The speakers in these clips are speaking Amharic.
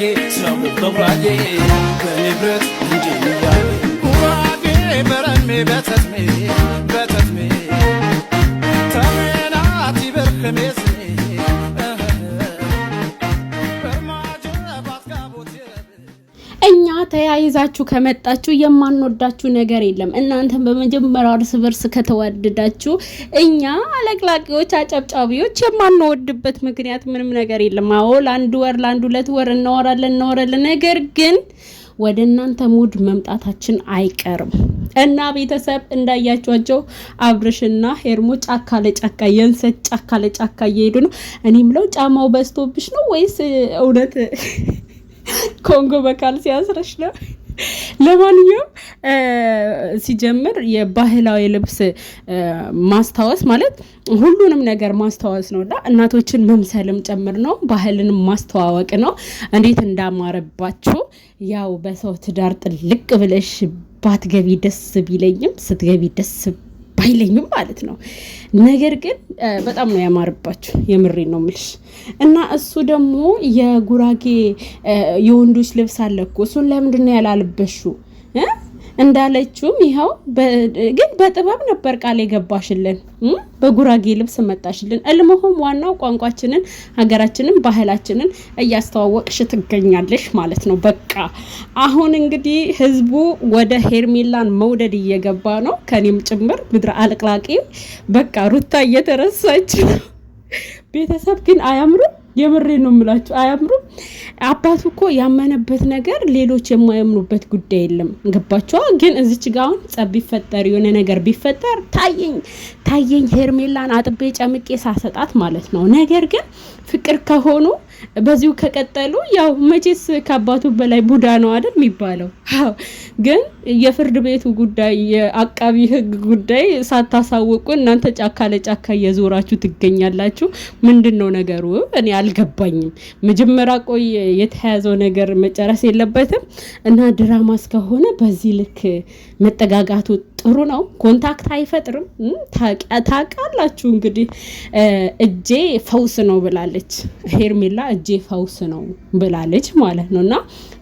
ጉራጌ ስራው ጉራጌ በንብረት እንጂ ጉራጌ በረሜ በተስሜ ተያይዛችሁ ከመጣችሁ የማንወዳችሁ ነገር የለም። እናንተን በመጀመሪያ እርስ በርስ ከተዋደዳችሁ እኛ አለቅላቂዎች፣ አጨብጫቢዎች የማንወድበት ምክንያት ምንም ነገር የለም። አዎ ለአንድ ወር ለአንድ ሁለት ወር እናወራለን እናወራለን፣ ነገር ግን ወደ እናንተ ሙድ መምጣታችን አይቀርም እና ቤተሰብ እንዳያቸዋቸው አብርሽና ሄርሞ ጫካ ለጫካ የእንሰት ጫካ ለጫካ እየሄዱ ነው። እኔ ምለው ጫማው በዝቶብሽ ነው ወይስ እውነት ኮንጎ በካል ሲያስረሽ ነው። ለማንኛውም ሲጀምር የባህላዊ ልብስ ማስታወስ ማለት ሁሉንም ነገር ማስታወስ ነው እና እናቶችን መምሰልም ጭምር ነው። ባህልን ማስተዋወቅ ነው። እንዴት እንዳማረባችሁ ያው በሰው ትዳር ጥልቅ ብለሽ ባትገቢ ደስ ቢለኝም ስትገቢ ደስ ባይለኝም ማለት ነው። ነገር ግን በጣም ነው ያማረባችሁ፣ የምሬ ነው ምልሽ እና እሱ ደግሞ የጉራጌ የወንዶች ልብስ አለ እኮ እሱን ለምንድን ነው እንዳለችውም ይኸው ግን በጥበብ ነበር ቃል የገባሽልን። በጉራጌ ልብስ መጣሽልን። እልምሆም ዋናው ቋንቋችንን፣ ሀገራችንን፣ ባህላችንን እያስተዋወቅሽ ትገኛለሽ ማለት ነው። በቃ አሁን እንግዲህ ህዝቡ ወደ ሄርሜላን መውደድ እየገባ ነው፣ ከኔም ጭምር ምድረ አለቅላቂ። በቃ ሩታ እየተረሳች ነው። ቤተሰብ ግን አያምሩም። የምሬ ነው የምላችሁ አያምሩም። አባቱ እኮ ያመነበት ነገር ሌሎች የማያምኑበት ጉዳይ የለም። ገባቸዋ። ግን እዚች ጋ አሁን ጸብ ቢፈጠር የሆነ ነገር ቢፈጠር ታየኝ ታየኝ ሄርሜላን አጥቤ ጨምቄ ሳሰጣት ማለት ነው። ነገር ግን ፍቅር ከሆኑ በዚሁ ከቀጠሉ ያው መቼስ ከአባቱ በላይ ቡዳ ነው አይደል የሚባለው። ግን የፍርድ ቤቱ ጉዳይ የአቃቢ ሕግ ጉዳይ ሳታሳውቁ እናንተ ጫካ ለጫካ እየዞራችሁ ትገኛላችሁ። ምንድን ነው ነገሩ? እኔ አልገባኝም። መጀመሪያ ቆየ የተያዘው ነገር መጨረስ የለበትም እና ድራማ እስከሆነ በዚህ ልክ መጠጋጋቱ ጥሩ ነው። ኮንታክት አይፈጥርም። ታውቃላችሁ እንግዲህ እጄ ፈውስ ነው ብላለች ሄርሜላ፣ እጄ ፈውስ ነው ብላለች ማለት ነው እና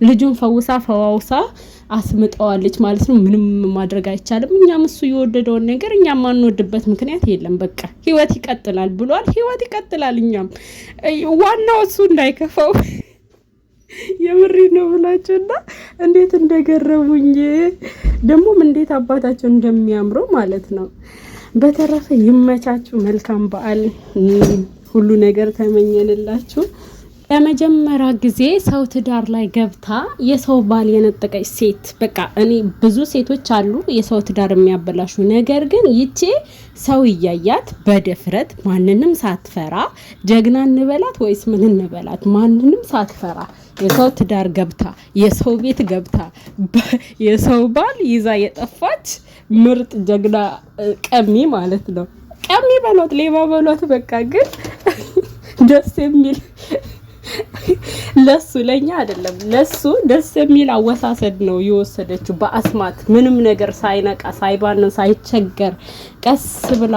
ልጁን ፈውሳ ፈዋውሳ አስምጠዋለች ማለት ነው። ምንም ማድረግ አይቻልም። እኛም እሱ የወደደውን ነገር እኛ ማንወድበት ምክንያት የለም። በቃ ህይወት ይቀጥላል ብሏል። ህይወት ይቀጥላል። እኛም ዋናው እሱ እንዳይከፋው የምሪ ነው ብላችሁና እንዴት እንደገረሙኝ ደግሞም እንዴት አባታቸው እንደሚያምሩ ማለት ነው። በተረፈ ይመቻችሁ። መልካም በዓል ሁሉ ነገር ተመኘንላችሁ። ለመጀመሪያ ጊዜ ሰው ትዳር ላይ ገብታ የሰው ባል የነጠቀች ሴት በቃ እኔ ብዙ ሴቶች አሉ የሰው ትዳር የሚያበላሹ። ነገር ግን ይቼ ሰው እያያት በድፍረት ማንንም ሳትፈራ ጀግና እንበላት ወይስ ምን እንበላት? ማንንም ሳትፈራ የሰው ትዳር ገብታ የሰው ቤት ገብታ የሰው ባል ይዛ የጠፋች ምርጥ ጀግና ቀሚ ማለት ነው። ቀሚ በሏት፣ ሌባ በሏት፣ በቃ ግን ደስ የሚል ለሱ ለኛ አይደለም፣ ለሱ ደስ የሚል አወሳሰድ ነው የወሰደችው። በአስማት ምንም ነገር ሳይነቃ ሳይባንን ሳይቸገር ቀስ ብላ